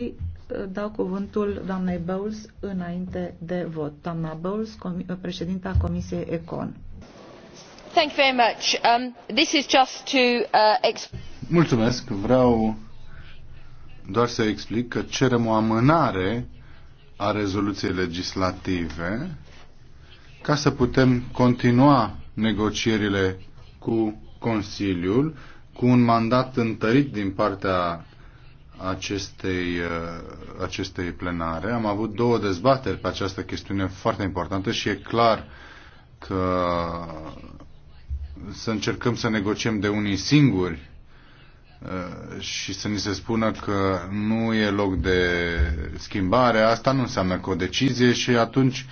Uh, dau cuvântul doamnei Bowles înainte de vot. Doamna Bowles, com- uh, președinta Comisiei Econ. Thank you very much. Um, this is just to, uh, Mulțumesc. Vreau doar să explic că cerem o amânare a rezoluției legislative ca să putem continua negocierile cu Consiliul cu un mandat întărit din partea acestei, uh, acestei plenare. Am avut două dezbateri pe această chestiune foarte importantă și e clar că să încercăm să negociem de unii singuri uh, și să ni se spună că nu e loc de schimbare, asta nu înseamnă că o decizie și atunci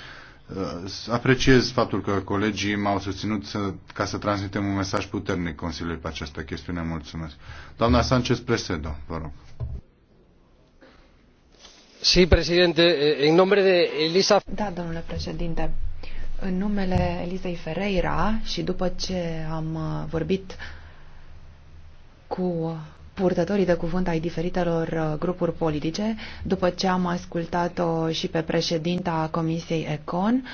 uh, apreciez faptul că colegii m-au susținut să, ca să transmitem un mesaj puternic Consiliului pe această chestiune. Mulțumesc. Doamna Sanchez Presedo, vă rog. Eh, da, domnule președinte în numele Elisei Ferreira și după ce am uh, vorbit cu purtătorii de cuvânt ai diferitelor uh, grupuri politice, după ce am ascultat-o și pe președinta Comisiei Econ,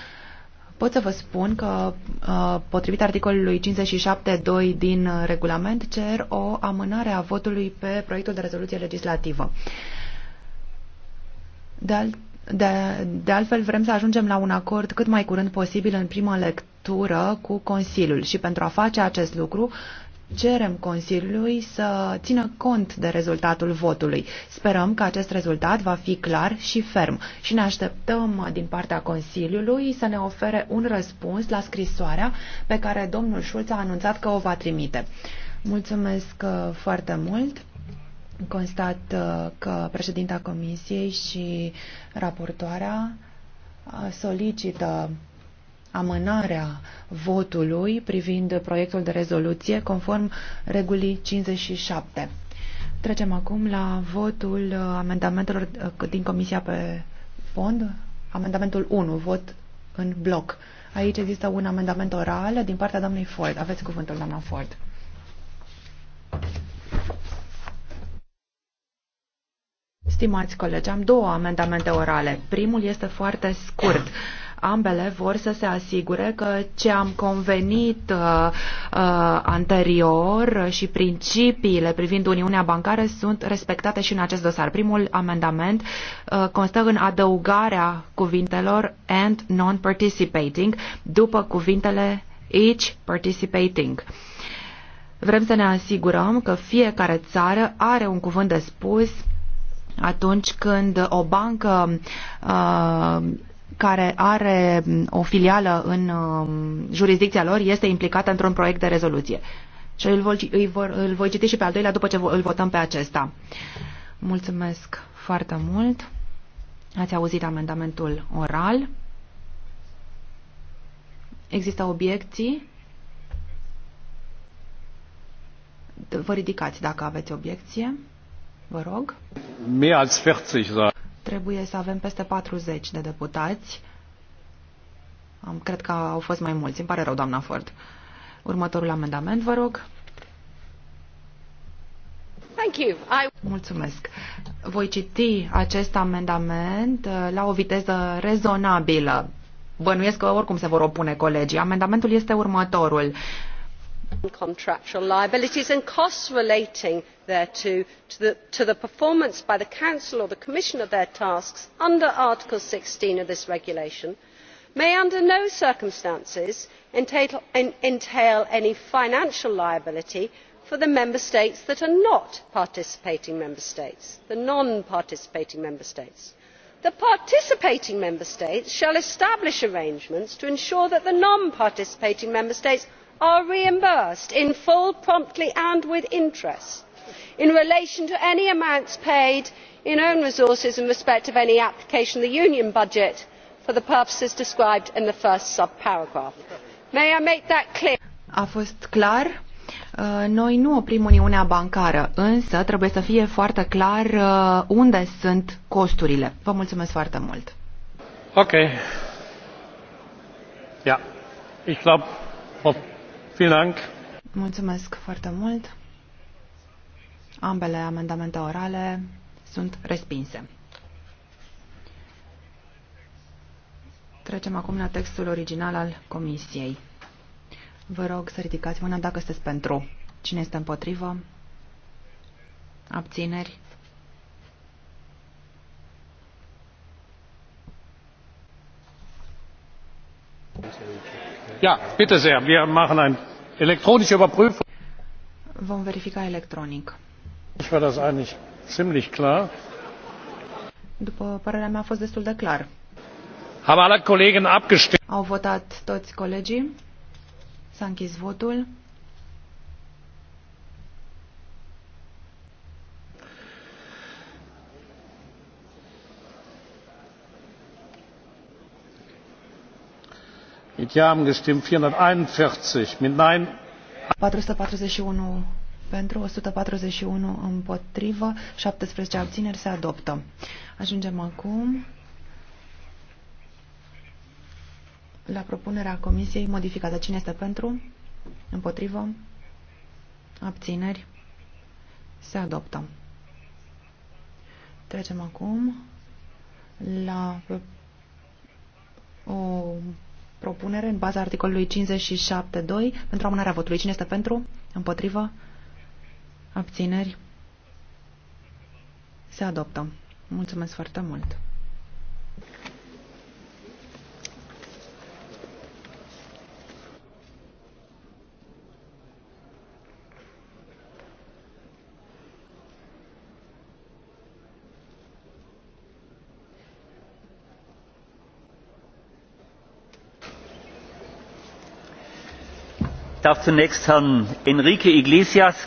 pot să vă spun că, uh, potrivit articolului 57.2 din regulament, cer o amânare a votului pe proiectul de rezoluție legislativă. De, al, de, de altfel, vrem să ajungem la un acord cât mai curând posibil în prima lectură cu Consiliul și pentru a face acest lucru cerem Consiliului să țină cont de rezultatul votului. Sperăm că acest rezultat va fi clar și ferm și ne așteptăm din partea Consiliului să ne ofere un răspuns la scrisoarea pe care domnul Schulz a anunțat că o va trimite. Mulțumesc uh, foarte mult! Constat uh, că președinta Comisiei și raportoarea uh, solicită amânarea votului privind proiectul de rezoluție conform regulii 57. Trecem acum la votul uh, amendamentelor din Comisia pe fond. Amendamentul 1, vot în bloc. Aici există un amendament oral din partea doamnei Ford. Aveți cuvântul, doamna Ford. Stimați colegi, am două amendamente orale. Primul este foarte scurt. Ambele vor să se asigure că ce am convenit uh, uh, anterior și principiile privind Uniunea Bancară sunt respectate și în acest dosar. Primul amendament uh, constă în adăugarea cuvintelor and non-participating după cuvintele each participating. Vrem să ne asigurăm că fiecare țară are un cuvânt de spus atunci când o bancă uh, care are o filială în uh, jurisdicția lor este implicată într-un proiect de rezoluție. Și îl voi, îi vor, îl voi citi și pe al doilea după ce îl votăm pe acesta. Mulțumesc foarte mult. Ați auzit amendamentul oral. Există obiecții? Vă ridicați dacă aveți obiecție. Vă rog. als 40, Trebuie să avem peste 40 de deputați. Am, cred că au fost mai mulți. Îmi pare rău, doamna Ford. Următorul amendament, vă rog. Thank you. I... Mulțumesc. Voi citi acest amendament uh, la o viteză rezonabilă. Bănuiesc că oricum se vor opune colegii. Amendamentul este următorul contractual liabilities and costs relating thereto to the performance by the council or the commission of their tasks under article sixteen of this regulation may under no circumstances entail any financial liability for the member states that are not participating member states the non participating member states. the participating member states shall establish arrangements to ensure that the non participating member states are reimbursed in full promptly and with interest in relation to any amounts paid in own resources in respect of any application of the union budget for the purposes described in the first sub paragraph. may i make that clear? A fost clar? Uh, noi nu oprim Uniunea Bancară, însă trebuie să fie foarte clar uh, unde sunt costurile. Vă mulțumesc foarte mult. Ok. Ja. Ich glaube, Mulțumesc foarte mult. Ambele amendamente orale sunt respinse. Trecem acum la textul original al Comisiei. Vă rog să ridicați mâna dacă sunteți pentru. Cine este împotrivă? Abțineri? Ja, bitte sehr, wir machen ein Electronische Überprüfung. Vom verifica electronic. Ich war das eigentlich ziemlich klar. După părerea mea a fost destul de clar. Haben alle Kollegen abgestimmt? Au votat toți colegii. S-a închis votul. mit ja haben gestimmt vierhunderteinundvierzig mit nein. patru sute pentru o sută patruzeci și unu împotrivă șaptesprezece abțineri se adoptă. Ajungem acum la propunerea comisiei modificată. Cine este pentru? Împotrivă? Abțineri? Se adoptă. Trecem acum la o propunere în baza articolului 57.2 pentru amânarea votului. Cine este pentru? Împotrivă? Abțineri? Se adoptă. Mulțumesc foarte mult! darf Enrique Iglesias,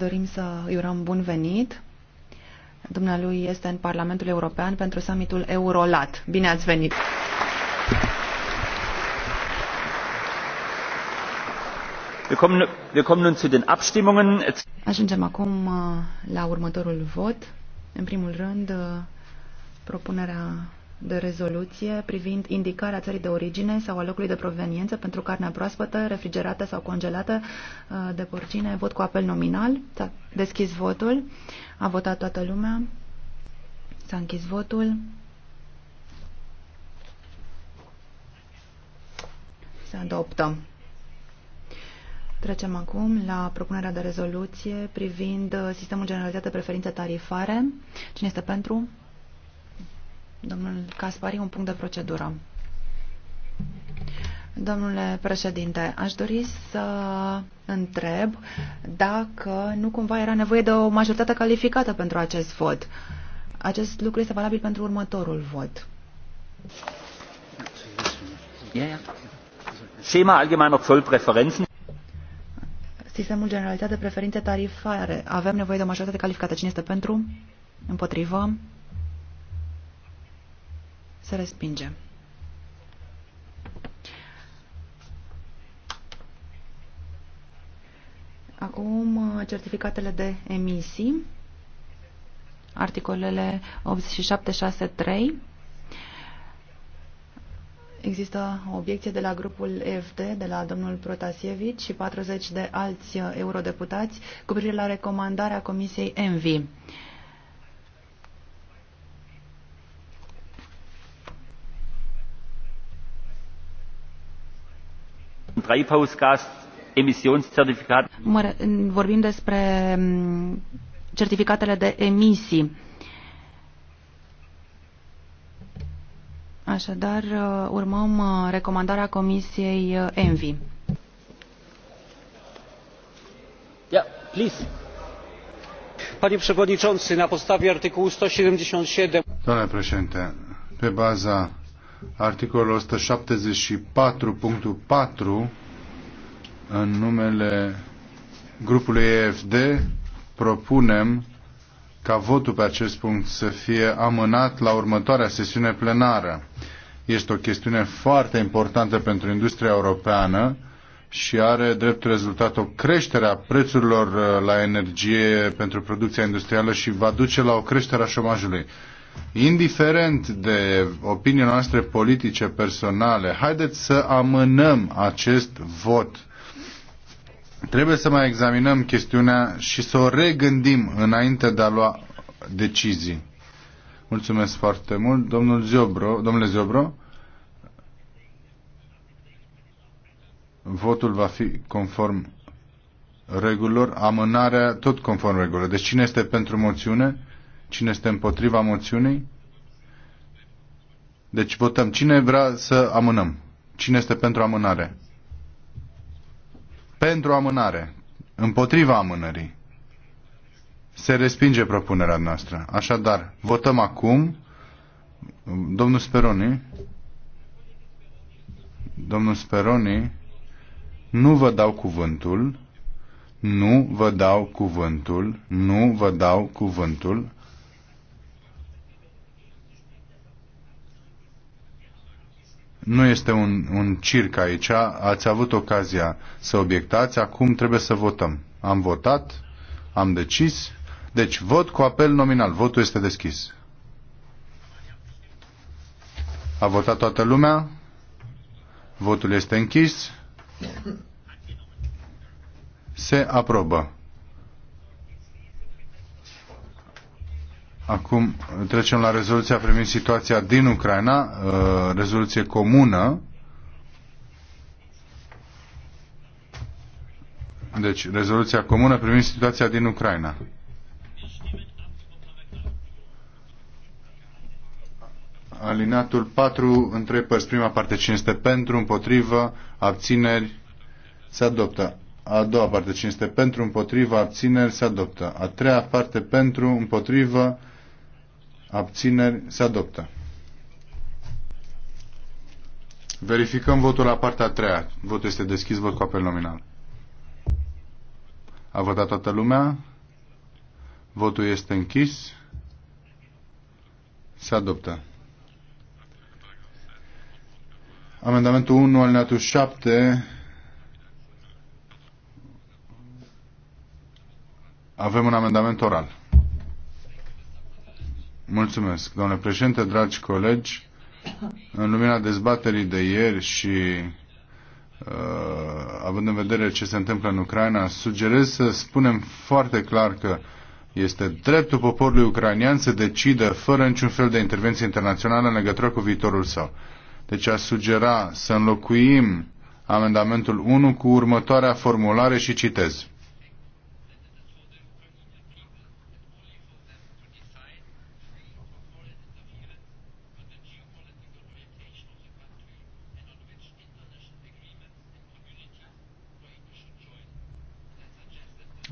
dorim să îi urăm bun venit. Dumnealui este în Parlamentul European pentru summitul Eurolat. Bine ați venit! Ajungem acum uh, la următorul vot. În primul rând, uh, propunerea de rezoluție privind indicarea țării de origine sau a locului de proveniență pentru carnea proaspătă, refrigerată sau congelată uh, de porcine. Vot cu apel nominal. S-a deschis votul. A votat toată lumea. S-a închis votul. Se adoptă. Trecem acum la propunerea de rezoluție privind uh, sistemul generalizat de preferințe tarifare. Cine este pentru? Domnul Caspari, un punct de procedură. Domnule președinte, aș dori să întreb dacă nu cumva era nevoie de o majoritate calificată pentru acest vot. Acest lucru este valabil pentru următorul vot. Schema allgemeiner Zollpräferenzen. Sistemul generalizat de preferințe tarifare. Avem nevoie de o majoritate calificată. Cine este pentru? Împotrivă? Se respinge. Acum certificatele de emisii, articolele 8763. Există o obiecție de la grupul EFD, de la domnul Protasievici și 40 de alți eurodeputați cu privire la recomandarea Comisiei ENVI. Vorbim despre mm, certificatele de emisii. Așadar, uh, urmăm uh, recomandarea Comisiei uh, ENVI. Yeah, please. Panie Przewodniczący, na podstawie artykułu 177... Domnule președinte, pe baza articolul 174.4 în numele grupului EFD propunem ca votul pe acest punct să fie amânat la următoarea sesiune plenară. Este o chestiune foarte importantă pentru industria europeană și are drept rezultat o creștere a prețurilor uh, la energie pentru producția industrială și va duce la o creștere a șomajului indiferent de opinia noastre politice personale, haideți să amânăm acest vot. Trebuie să mai examinăm chestiunea și să o regândim înainte de a lua decizii. Mulțumesc foarte mult. Domnul Ziobro, domnule Ziobro, votul va fi conform regulilor, amânarea tot conform regulilor. Deci cine este pentru moțiune? Cine este împotriva moțiunii? Deci votăm. Cine vrea să amânăm? Cine este pentru amânare? Pentru amânare. Împotriva amânării. Se respinge propunerea noastră. Așadar, votăm acum. Domnul Speroni. Domnul Speroni. Nu vă dau cuvântul. Nu vă dau cuvântul. Nu vă dau cuvântul. Nu este un, un circ aici, ați avut ocazia să obiectați, acum trebuie să votăm. Am votat, am decis, deci vot cu apel nominal, votul este deschis. A votat toată lumea, votul este închis, se aprobă. Acum trecem la rezoluția privind situația din Ucraina, uh, rezoluție comună. Deci, rezoluția comună privind situația din Ucraina. Alinatul 4 între părți. Prima parte cine este pentru, împotrivă, abțineri, se adoptă. A doua parte cine este pentru, împotrivă, abțineri, se adoptă. A treia parte pentru, împotrivă, abțineri, se adoptă. Verificăm votul la partea a treia. Votul este deschis, vot cu apel nominal. A votat toată lumea. Votul este închis. Se adoptă. Amendamentul 1 al natul 7. Avem un amendament oral. Mulțumesc, domnule președinte, dragi colegi. În lumina dezbaterii de ieri și uh, având în vedere ce se întâmplă în Ucraina, sugerez să spunem foarte clar că este dreptul poporului ucrainian să decidă fără niciun fel de intervenție internațională în legătură cu viitorul său. Deci a sugera să înlocuim amendamentul 1 cu următoarea formulare și citez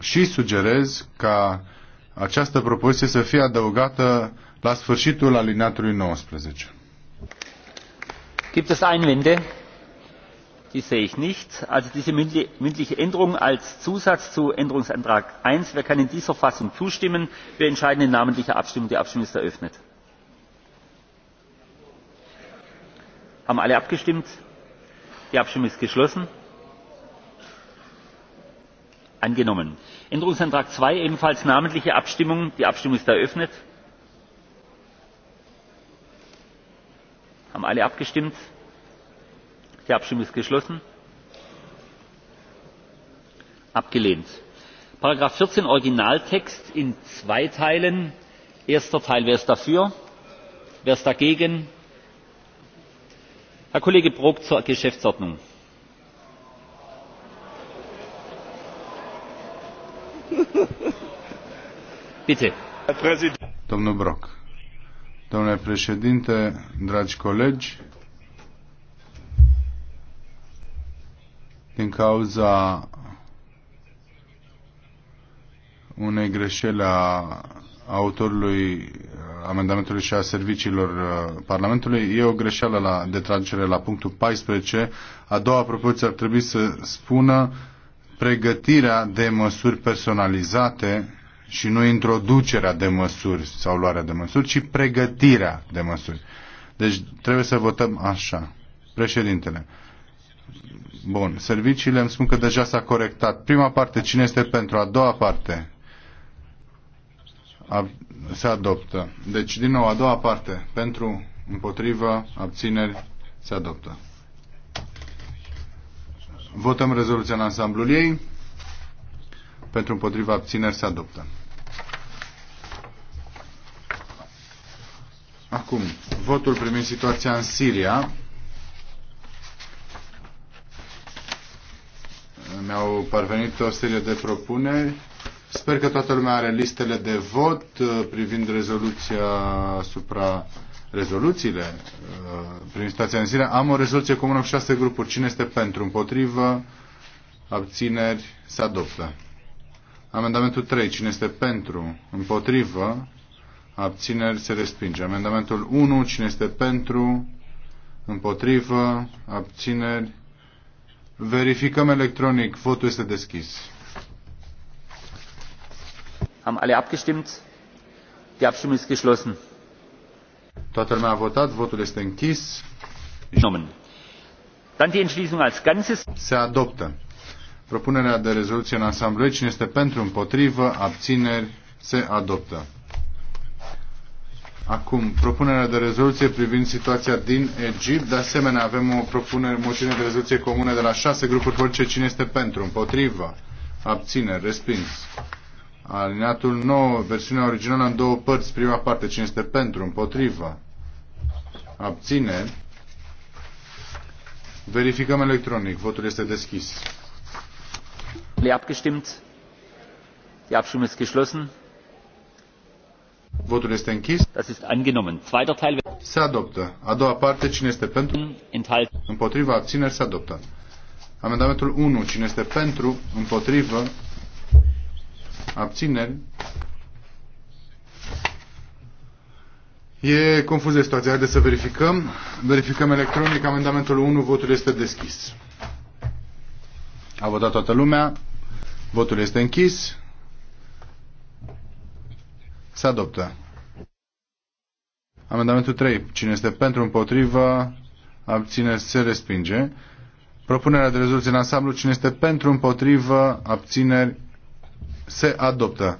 și sugerez ca această propoziție să fie adăugată la sfârșitul alineatului 19. Gibt es Einwände? Die sehe ich nicht. Also diese mündliche Änderung als Zusatz zu Änderungsantrag 1. Wer kann in dieser Fassung zustimmen? Wir entscheiden in namentlicher Abstimmung. Die Abstimmung ist eröffnet. Haben alle abgestimmt? Die Abstimmung ist geschlossen angenommen; änderungsantrag zwei ebenfalls namentliche abstimmung. die abstimmung ist eröffnet. haben alle abgestimmt? die abstimmung ist geschlossen. abgelehnt; ziffer vierzehn originaltext in zwei teilen. erster teil wer ist dafür? wer ist dagegen? herr kollege brok zur geschäftsordnung. Bitte. Domnul Brock. Domnule președinte, dragi colegi, din cauza unei greșeli a autorului amendamentului și a serviciilor uh, Parlamentului. E o greșeală la, de traducere la punctul 14. A doua propoziție ar trebui să spună pregătirea de măsuri personalizate și nu introducerea de măsuri sau luarea de măsuri, ci pregătirea de măsuri. Deci trebuie să votăm așa. Președintele. Bun. Serviciile îmi spun că deja s-a corectat. Prima parte, cine este pentru? A doua parte a, se adoptă. Deci, din nou, a doua parte. Pentru, împotrivă, abțineri, se adoptă. Votăm rezoluția în ansamblul ei pentru împotriva abțineri se adoptă. Acum, votul privind situația în Siria. Mi-au parvenit o serie de propuneri. Sper că toată lumea are listele de vot uh, privind rezoluția asupra rezoluțiile uh, privind situația în Siria. Am o rezoluție comună cu șase grupuri. Cine este pentru? Împotrivă? Abțineri? Se adoptă. Amendamentul 3. Cine este pentru? Împotrivă? Abțineri se respinge. Amendamentul 1. Cine este pentru? Împotrivă? Abțineri? Verificăm electronic. Votul este deschis. Am alle abgestimmt? Die Abstimmung ist geschlossen. Toată lumea a votat, votul este închis. Dann die Entschließung als Ganzes. Se adoptă. Propunerea de rezoluție în Asamblee, cine este pentru, împotrivă, abțineri, se adoptă. Acum, propunerea de rezoluție privind situația din Egipt. De asemenea, avem o propunere, moțiune de rezoluție comună de la șase grupuri politice. Cine este pentru? Împotrivă? Abțineri? Respins? Alineatul 9, versiunea originală în două părți. Prima parte, cine este pentru? Împotrivă? Abțineri? Verificăm electronic. Votul este deschis endlich abgestimmt. Die Abstimmung ist geschlossen. Votul este închis. Das ist angenommen. Zweiter Teil. Se adoptă. A doua parte, cine este pentru? Enthalt. Împotriva, abțineri, se adoptă. Amendamentul 1, cine este pentru? Împotrivă, abțineri. E confuză situația. Haideți să verificăm. Verificăm electronic. Amendamentul 1, votul este deschis. A votat toată lumea. Votul este închis. Se adoptă. Amendamentul 3. Cine este pentru, împotrivă, abține, se respinge. Propunerea de rezoluție în ansamblu. Cine este pentru, împotrivă, abțineri, se adoptă.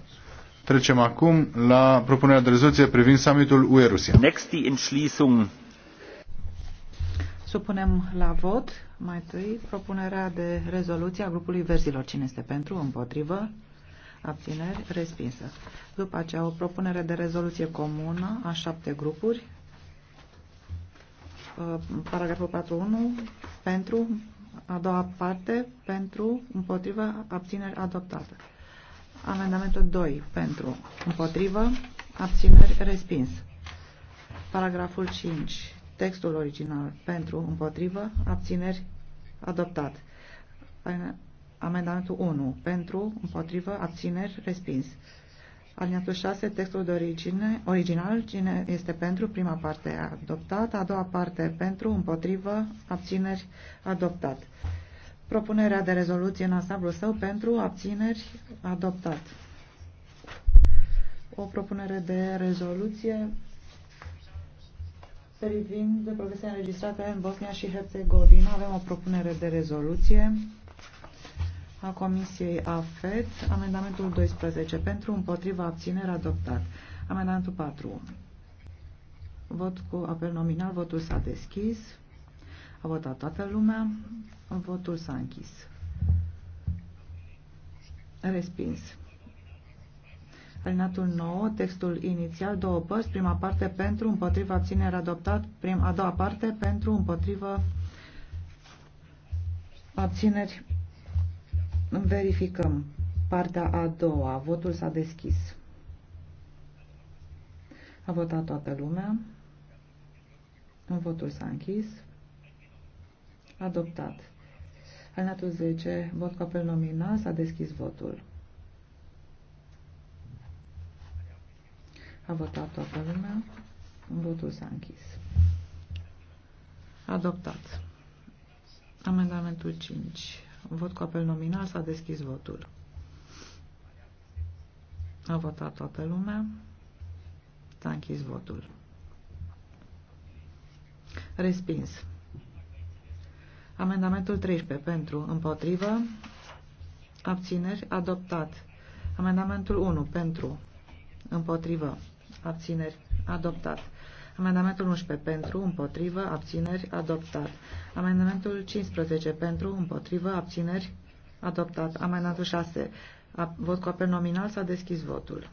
Trecem acum la propunerea de rezoluție privind summitul UE-Rusia. Supunem la vot mai întâi, propunerea de rezoluție a grupului verzilor. Cine este pentru? Împotrivă? Abțineri? Respinsă. După aceea, o propunere de rezoluție comună a șapte grupuri. Uh, paragraful 4.1. Pentru. A doua parte. Pentru. Împotrivă. Abțineri. Adoptată. Amendamentul 2. Pentru. Împotrivă. Abțineri. Respins. Paragraful 5 Textul original pentru, împotrivă, abțineri, adoptat. Amendamentul 1 pentru, împotrivă, abțineri, respins. Aliniatul 6, textul de origine, original, cine este pentru, prima parte adoptat, a doua parte pentru, împotrivă, abțineri, adoptat. Propunerea de rezoluție în ansamblu său pentru, abțineri, adoptat. O propunere de rezoluție privind progresele înregistrate în Bosnia și Herțegovina. Avem o propunere de rezoluție a Comisiei AFET, amendamentul 12 pentru, împotriva, abținere, adoptat. Amendamentul 4. Vot cu apel nominal, votul s-a deschis, a votat toată lumea, votul s-a închis. Respins. Alinatul 9, textul inițial, două părți, prima parte pentru, împotriva, abținere adoptat, prim, a doua parte pentru, împotriva, abțineri. Verificăm partea a doua. Votul s-a deschis. A votat toată lumea. Votul s-a închis. Adoptat. Alinatul 10, vot cu apel nominal, s-a deschis votul. A votat toată lumea. Votul s-a închis. Adoptat. Amendamentul 5. Vot cu apel nominal s-a deschis votul. A votat toată lumea. S-a închis votul. Respins. Amendamentul 13 pentru, împotrivă, abțineri, adoptat. Amendamentul 1 pentru, împotrivă, abțineri, adoptat. Amendamentul 11 pentru, împotrivă, abțineri, adoptat. Amendamentul 15 pentru, împotrivă, abțineri, adoptat. Amendamentul 6. A, vot cu apel nominal s-a deschis votul.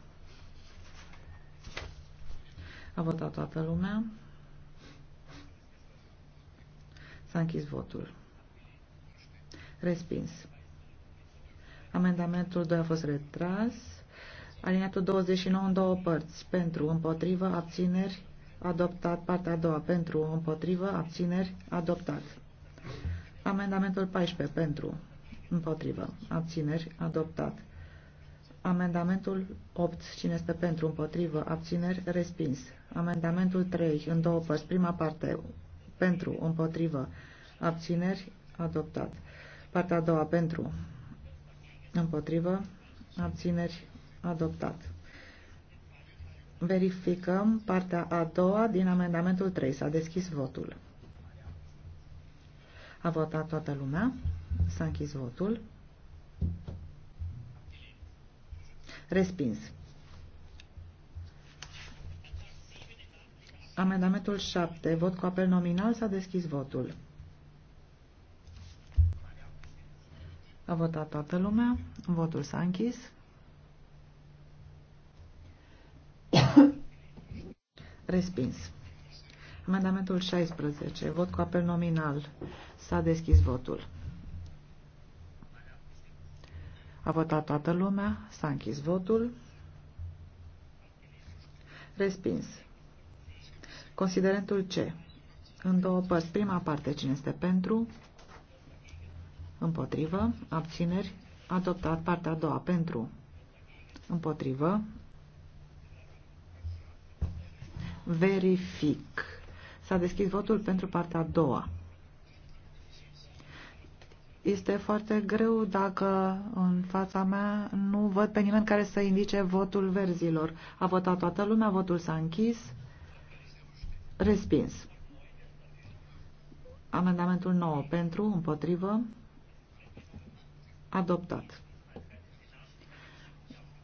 A votat toată lumea. S-a închis votul. Respins. Amendamentul 2 a fost retras. Alineatul 29 în două părți. Pentru, împotrivă, abțineri, adoptat. Partea a doua. Pentru, împotrivă, abțineri, adoptat. Amendamentul 14. Pentru, împotrivă, abțineri, adoptat. Amendamentul 8. Cine este pentru, împotrivă, abțineri, respins. Amendamentul 3. În două părți. Prima parte. Pentru, împotrivă, abțineri, adoptat. Partea a doua. Pentru, împotrivă, abțineri, Adoptat. Verificăm partea a doua din amendamentul 3. S-a deschis votul. A votat toată lumea. S-a închis votul. Respins. Amendamentul 7. Vot cu apel nominal. S-a deschis votul. A votat toată lumea. Votul s-a închis. Respins. Amendamentul 16. Vot cu apel nominal. S-a deschis votul. A votat toată lumea. S-a închis votul. Respins. Considerentul C. În două părți. Prima parte. Cine este pentru? Împotrivă. Abțineri. Adoptat. Partea a doua. Pentru. Împotrivă. Verific. S-a deschis votul pentru partea a doua. Este foarte greu dacă în fața mea nu văd pe nimeni care să indice votul verzilor. A votat toată lumea, votul s-a închis. Respins. Amendamentul 9 pentru, împotrivă, adoptat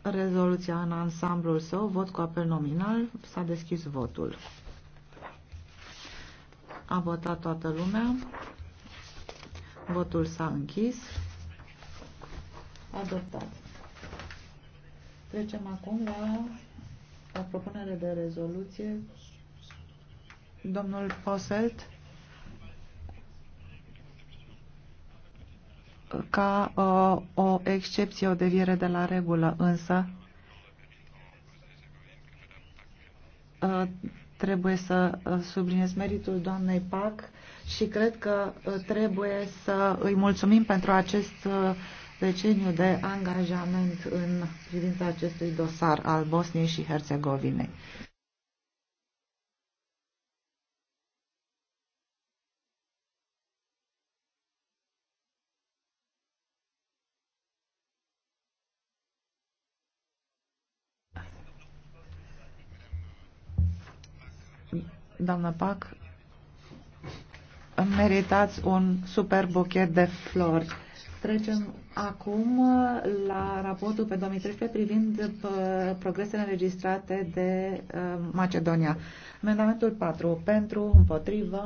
rezoluția în ansamblul său, vot cu apel nominal, s-a deschis votul. A votat toată lumea, votul s-a închis, adoptat. Trecem acum la la propunere de rezoluție. Domnul Poselt, ca uh, o excepție, o deviere de la regulă, însă uh, trebuie să uh, subliniez meritul doamnei PAC și cred că uh, trebuie să îi mulțumim pentru acest uh, deceniu de angajament în privința acestui dosar al Bosniei și Herțegovinei. doamnă Pac, meritați un super buchet de flori. Trecem acum la raportul pe 2013 privind uh, progresele înregistrate de uh, Macedonia. Amendamentul 4. Pentru, împotrivă.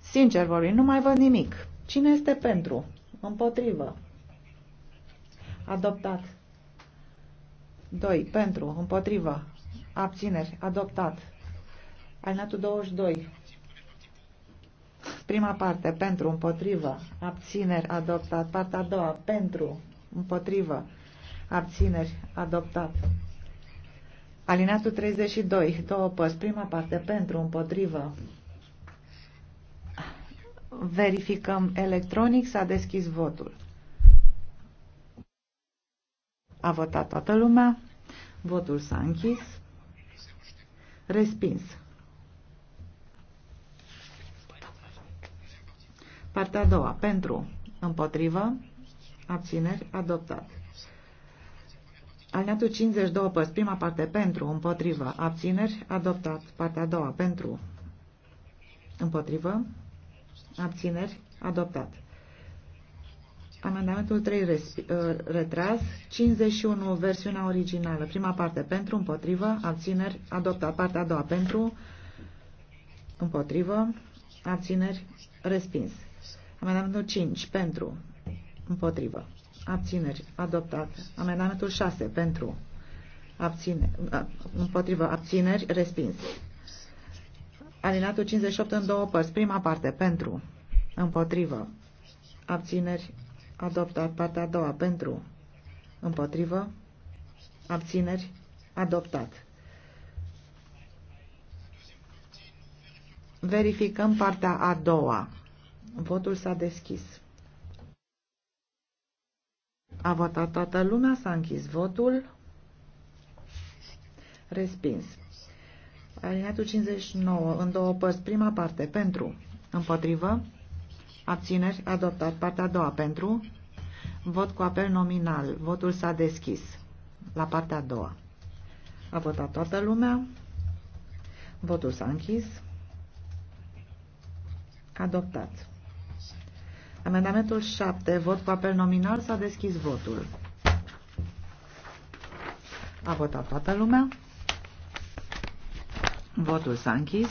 Sincer vorbim, nu mai văd nimic. Cine este pentru? Împotrivă. Adoptat. 2. Pentru, împotrivă. Abțineri. Adoptat. Alinatul 22. Prima parte. Pentru. Împotrivă. Abțineri. Adoptat. Partea a doua. Pentru. Împotrivă. Abțineri. Adoptat. Alinatul 32. Două părți. Prima parte. Pentru. Împotrivă. Verificăm electronic. S-a deschis votul. A votat toată lumea. Votul s-a închis. Respins. Partea a doua. Pentru. Împotrivă. Abțineri. Adoptat. Alineatul 52 părți. Prima parte. Pentru. Împotrivă. Abțineri. Adoptat. Partea a doua. Pentru. Împotrivă. Abțineri. Adoptat. Amendamentul 3 uh, retras, 51 versiunea originală, prima parte pentru, împotrivă, abțineri, adoptat, partea a doua pentru, împotrivă, abțineri, respins. Amendamentul 5 pentru, împotrivă, abțineri, adoptat. Amendamentul 6 pentru, abține, uh, împotrivă, abțineri, respins. Alinatul 58 în două părți, prima parte pentru, împotrivă, abțineri, adoptat. Partea a doua pentru, împotrivă, abțineri, adoptat. Verificăm partea a doua. Votul s-a deschis. A votat toată lumea, s-a închis votul. Respins. Alineatul 59, în două părți, prima parte, pentru, împotrivă, Abțineri adoptat. Partea a doua pentru. Vot cu apel nominal. Votul s-a deschis. La partea a doua. A votat toată lumea. Votul s-a închis. Adoptat. Amendamentul 7. Vot cu apel nominal. S-a deschis votul. A votat toată lumea. Votul s-a închis.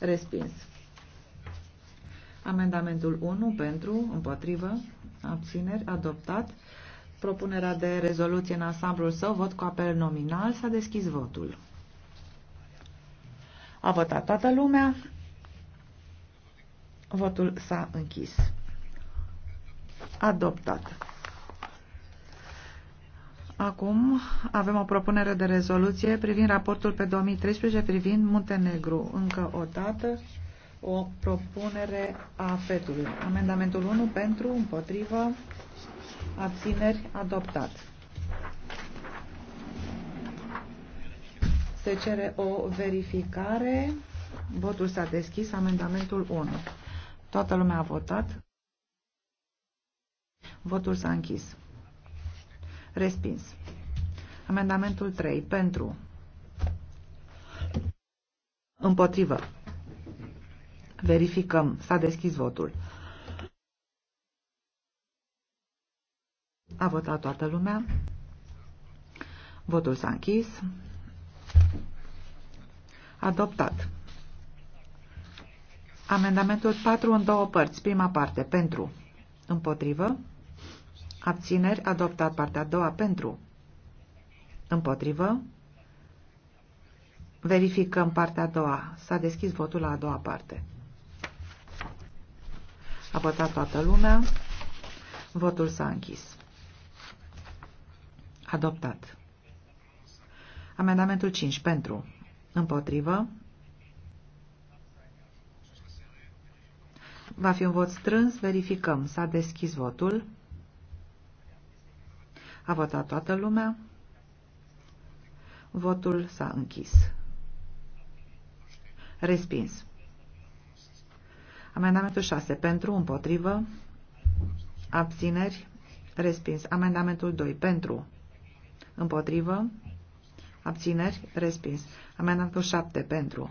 Respins. Amendamentul 1 pentru, împotrivă, abțineri, adoptat. Propunerea de rezoluție în ansamblul său, vot cu apel nominal, s-a deschis votul. A votat toată lumea. Votul s-a închis. Adoptat. Acum avem o propunere de rezoluție privind raportul pe 2013 privind Muntenegru. Încă o dată, o propunere a fetului. Amendamentul 1 pentru, împotrivă, abțineri, adoptat. Se cere o verificare. Votul s-a deschis. Amendamentul 1. Toată lumea a votat. Votul s-a închis. Respins. Amendamentul 3. Pentru. Împotrivă. Verificăm. S-a deschis votul. A votat toată lumea. Votul s-a închis. Adoptat. Amendamentul 4 în două părți. Prima parte pentru. Împotrivă. Abțineri. Adoptat partea a doua pentru. Împotrivă. Verificăm partea a doua. S-a deschis votul la a doua parte. A votat toată lumea. Votul s-a închis. Adoptat. Amendamentul 5 pentru. Împotrivă. Va fi un vot strâns. Verificăm. S-a deschis votul. A votat toată lumea. Votul s-a închis. Respins. Amendamentul 6. Pentru, împotrivă, abțineri, respins. Amendamentul 2. Pentru, împotrivă, abțineri, respins. Amendamentul 7. Pentru.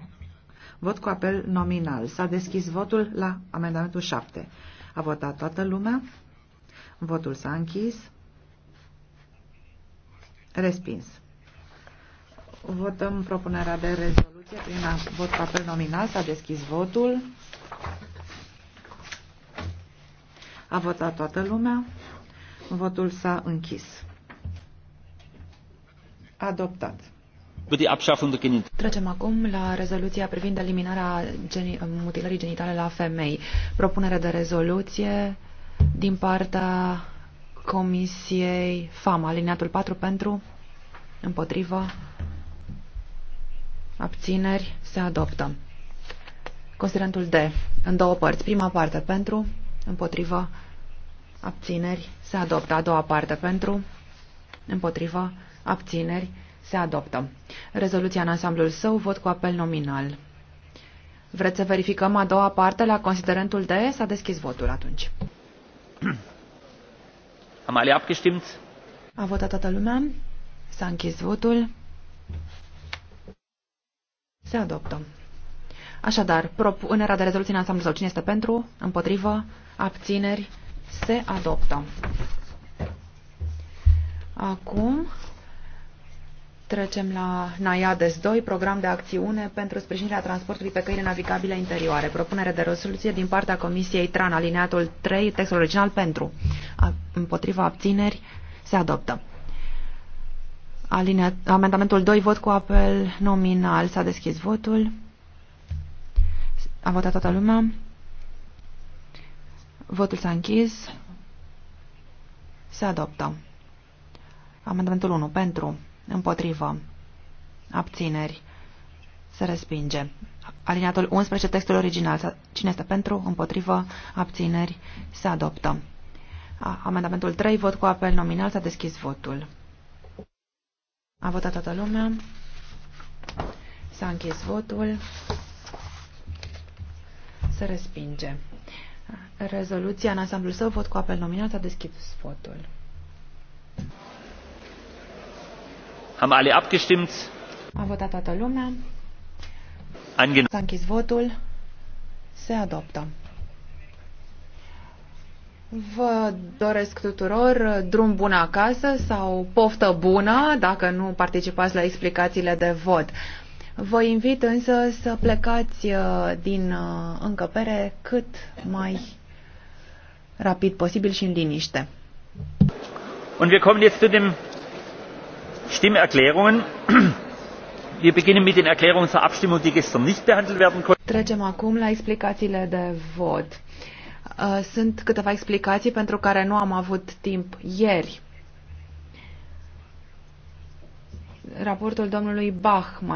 Vot cu apel nominal. S-a deschis votul la amendamentul 7. A votat toată lumea. Votul s-a închis. Respins. Votăm propunerea de rezoluție prin vot cu apel nominal. S-a deschis votul. A votat toată lumea. Votul s-a închis. Adoptat. Trecem acum la rezoluția privind eliminarea geni mutilării genitale la femei. Propunere de rezoluție din partea Comisiei FAM, alineatul 4 pentru, împotrivă, abțineri, se adoptă. Considerentul D, în două părți. Prima parte pentru, Împotrivă. Abțineri. Se adoptă. A doua parte pentru. Împotrivă. Abțineri. Se adoptă. Rezoluția în ansamblul său. Vot cu apel nominal. Vreți să verificăm a doua parte la considerentul D? S-a deschis votul atunci. Am alea abgestimmt? A votat toată lumea. S-a închis votul. Se adoptă. Așadar, propunerea de rezoluție în ansamblu sau cine este pentru, împotrivă, abțineri, se adoptă. Acum trecem la NAIADES 2, program de acțiune pentru sprijinirea transportului pe căile navigabile interioare. Propunere de rezoluție din partea Comisiei TRAN, alineatul 3, textul original pentru. Împotriva abțineri, se adoptă. Alinea, amendamentul 2, vot cu apel nominal. S-a deschis votul. A votat toată lumea. Votul s-a închis. Se adoptă. Amendamentul 1. Pentru. Împotrivă. Abțineri. Se respinge. Aliniatul 11. Textul original. Cine este pentru? Împotrivă. Abțineri. Se adoptă. Amendamentul 3. Vot cu apel nominal. S-a deschis votul. A votat toată lumea. S-a închis votul se respinge. Rezoluția în ansamblul său, vot cu apel nominal, s-a deschis votul. Am alle abgestimmt? A votat toată lumea. S-a închis votul. Se adoptă. Vă doresc tuturor drum bun acasă sau poftă bună dacă nu participați la explicațiile de vot. Vă invit însă să plecați uh, din uh, încăpere cât mai rapid posibil și în liniște. Und wir kommen jetzt zu den Stimmerklärungen. Wir beginnen mit den Erklärungen zur Abstimmung, die gestern nicht behandelt werden konnten. Trecem acum la explicațiile de vot. Uh, sunt câteva explicații pentru care nu am avut timp ieri. Raportul domnului Bach mai